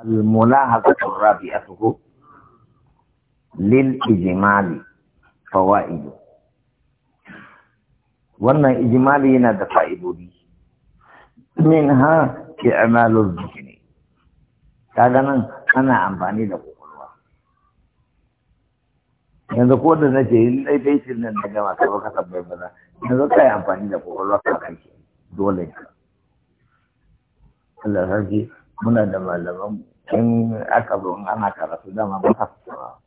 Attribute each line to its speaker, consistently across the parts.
Speaker 1: الملاحظة الرابعة للإجمال فوائد وأن إجمالينا دفائد لي منها إعمال الذكر هذا من أنا أمباني لك الله يعني قوة نجي إلا بيت لنا النجمة أنا سبب هذا يعني قوة أمباني لك الله دولة الله رجيم muna da malaman in aka zo ana karatu dama ba ka fara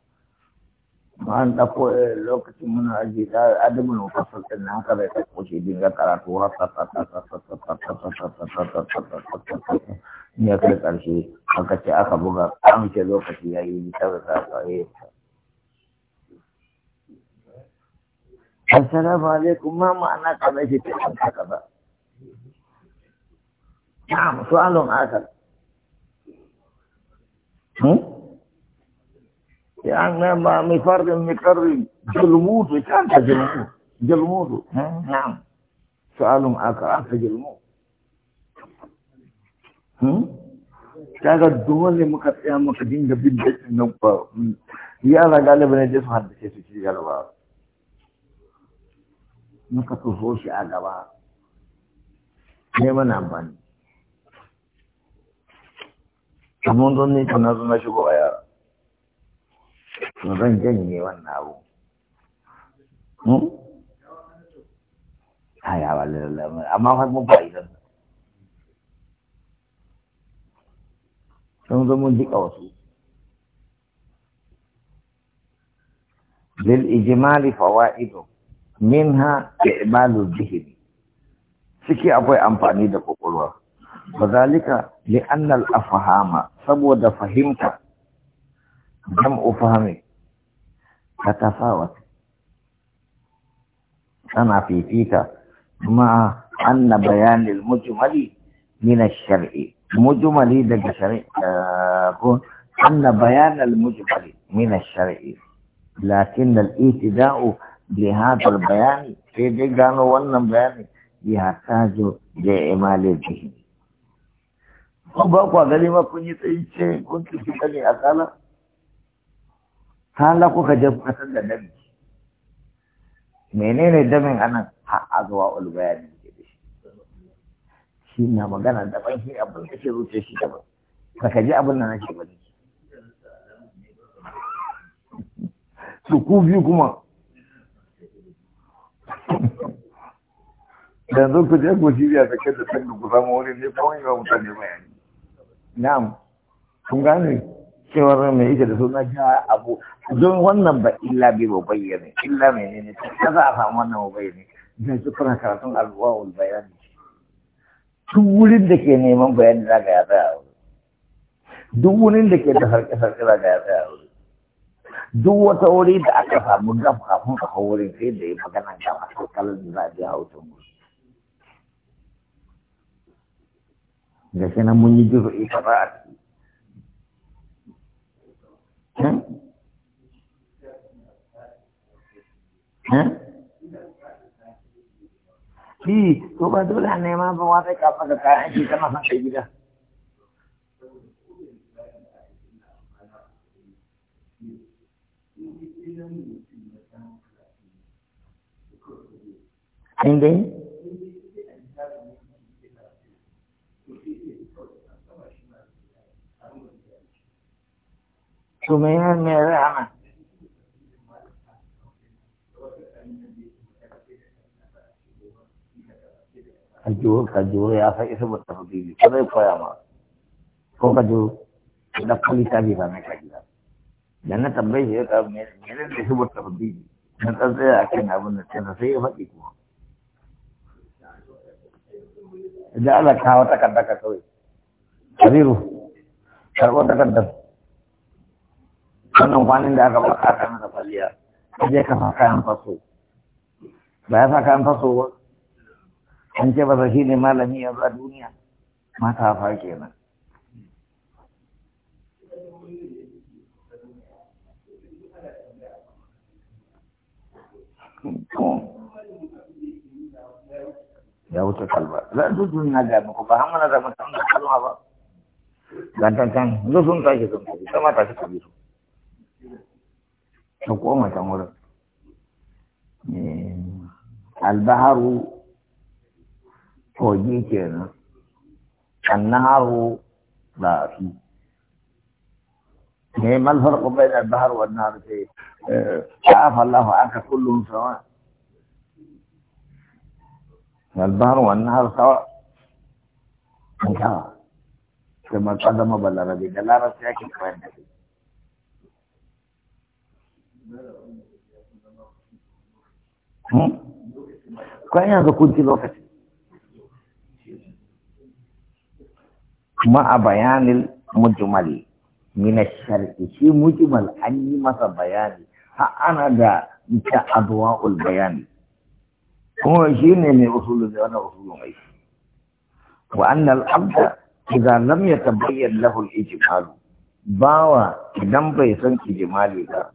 Speaker 1: ma an ɗauko lokacin muna aji da adabin mufassal ɗin na haka zai ɗauko shi dinga karatu ta ta ta ta ta ta ta ta ta ta ta ta ta ta ta assalamu alaikum ma ma'ana kamar shi ta kaza na su'alun akal يعني ما فرق مكرر جلموت كانت جلموت جلموت نعم سؤال أكرهت جلموت kaga dole muka tsaya muka dinga bin dakin nan ba yara galiba ne da su haddace su ci gaba muka so shi a gaba ne mana amfani mun zo ne tunan suna shigo a yara to zan janye wannan abu hmm? haya ba lalala amma fa mun fa'idan sun zo mun jika wasu lil ijmali fawaidu minha i'malu dhihni ciki akwai amfani da kokolwa وذلك لأن الأفهام سبود فهمت جمع فهمي تتفاوت أنا في فيك مع أن بيان المجمل من الشرع مجمل دك شرع آه، أن بيان المجمل من الشرع لكن الاهتداء بهذا البيان في دي قالوا بيان يحتاج لإعمال الذهن ko ba kwa gani ma kun yi tsayi ce kun tafi kane a kala hala kuka je kuka san da dami menene damin anan har a zuwa ulbayani ke da shi shi na magana ban shi abin da ke ruce shi daban baka ji abin da nake ba su ku biyu kuma yanzu ku je ku shirya da kai da sanda ku samu wurin ne kawai ba mutane bayani na'am kun gane cewar mai ita da suna ja abu don wannan ba illa bai ba bayyane illa mai ne ta za a samu wannan ba bayyane don su kuna karatun wani bayani Tun wurin da ke neman bayani za ga ya tsaya wuri duk wurin da ke da sarki-sarki za ga ya tsaya wuri duk wata wuri da aka samu gab kafin a hau wurin sai da ya magana gaba sai kalar da za a je hau wuri ga na nan mun yi juzu'i kaza to ba dole ne ma ba wa sai ka faga kayan gida. to me hana ka juro ya san isa bata fi ko zai koya ma ko ka juro da kwalita bai sami ka gida da na tambaye shi ya ka mai ne isa bata fi bibi na tsantsaya a kan abin da tana sai ya faɗi kuma da ala kawo takardar ka kawai kariru karɓar takardar wannan kwanin da aka faka kan na kwalliya ka je ka sa kayan faso ba ya sa kayan faso ba an ce ba sa shi ne malami ya a duniya mata fa kenan ya wuce kalba za su sun na ga muku ba hamana da mutum da kalma ba gantan kan zo sun tashi sun tashi sama tashi kabiru شوكو ما إيه، البحر توجيه كينا النهر لا في إيه، ما الفرق بين البحر والنهر في إيه، عاف الله عاك كلهم سواء البحر والنهر سواء سواء كما قدم بلغة ربي دلارة ساكن كمان Hmm? Kwan yanzu kunci lokaci. Ma'a bayanin mujimali, mina sharki shi mujimal an yi masa bayani, ha ana da ta bayani. Kuma shi ne mai usulu da wani usulu mai. Wa annal abda, idan lam ya lahul ijimalu, bawa idan bai san ijimali ba,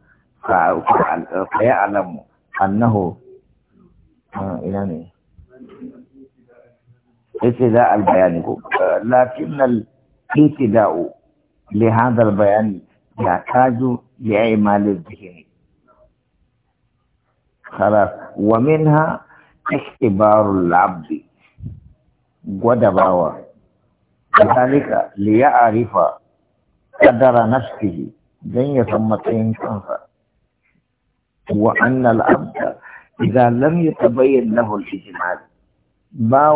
Speaker 1: فيعلم أنه يعني ابتداء البيان لكن الابتداء لهذا البيان يحتاج لإعمال الذهن خلاص ومنها اختبار العبد ودباوة ذلك ليعرف قدر نفسه لن يتم كنسا وأن العبد إذا لم يتبين له الإجمال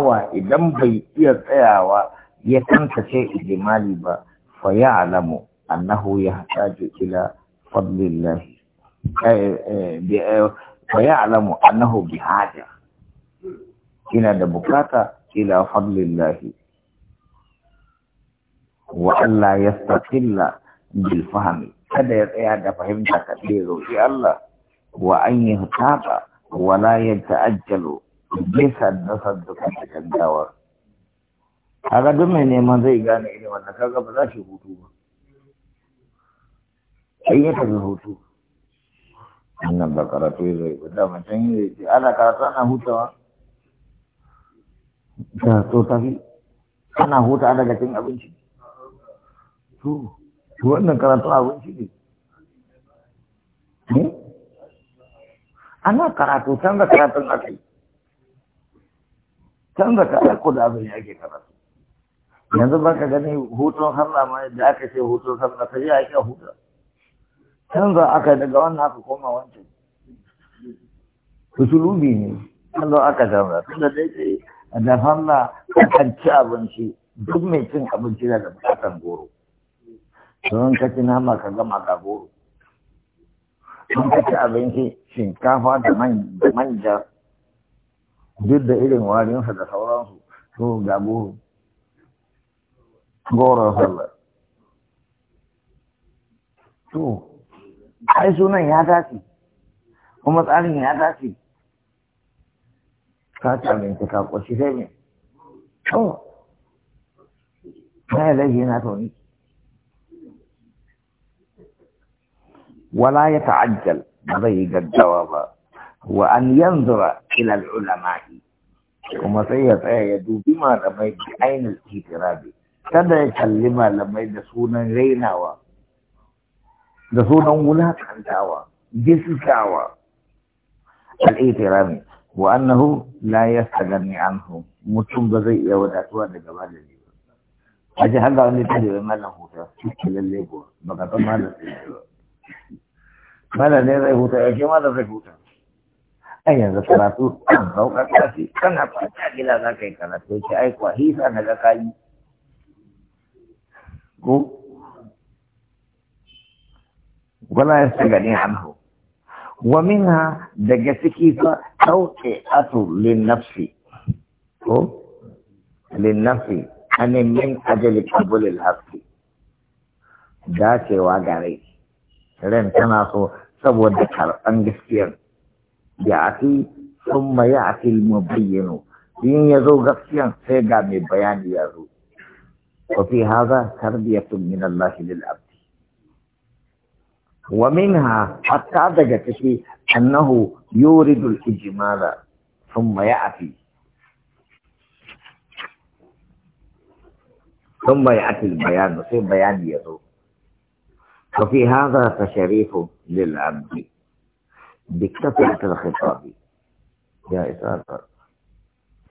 Speaker 1: وإذا إذا بي يتعوى تشيء إجمالي با فيعلم أنه يحتاج إلى فضل الله فيعلم أنه بحاجة إلى دبكاتة إلى فضل الله وأن لا يستقل بالفهم هذا ya tsaya في الله Wa yadda وأن يهتاق ولا يتأجل جسد تصدق الدواء kaga duk mai neman zai gane irin wannan kaga ba za shi hutu ba sai ya tafi hutu wannan ba karatu ya zai ba dama can yi zai ana karatu ana hutawa da to tafi ana huta daga cin abinci to wannan karatu abinci ne ana karatu canza karatun aka yi canza karatu da abin ake karatu yanzu ba ka gani hutun sallah ma da aka ce hutun sallah ta yi ake huta canza aka daga wannan aka koma wancan usulubi ne canza aka canza tunda dai ce da sallah akan ci abinci duk mai cin abinci na da bukatan goro don ka ci nama ka gama ka goro sun kaci abinci shinkafa da manja duk da irin warinsa da sauransu su ga goron sallar to ai sunan ya tashi kuma tsarin ya tashi ka ci abinci ka ƙoshi sai ne. to na yi laifi na tauni ولا يتعجل ضيق الجواب وان ينظر الى العلماء وما سيئت ايادو بما رميت بعين الاعتراض كذا يكلمها لما يدسونا غيناوا دسونا ولا تنتاوا جسكاوا الاعتراض وانه لا يستغني عنه متم بزي يا ودعتوا لجبال الجبال اجي هلا اني ما له هو تشكل الليبور ما له الليبور mana ne zai huta yake mana zai huta ai yanzu karatu kan zaukar kan kana fata gida za ka yi karatu yake ai kwa hisa na ga kayi ko wala ya sa gani anhu wa minha daga ciki fa tauke atu lin nafsi ko lin nafsi anin min ajali qabul al dacewa ga rai ran tana so saboda karɓan gaskiyar ya ati sun ma ya ati mubayyano in ya zo gaskiyan sai ga mai bayani ya zo wa fi haza tarbiyatun min Allah lil abdi wa minha hatta daga ciki annahu yuridul ijmala thumma ya'ti thumma ya'ti al bayan sai bayani ya zo ففي هذا تشريف للعبد بكثرة الخطاب يا إسحاق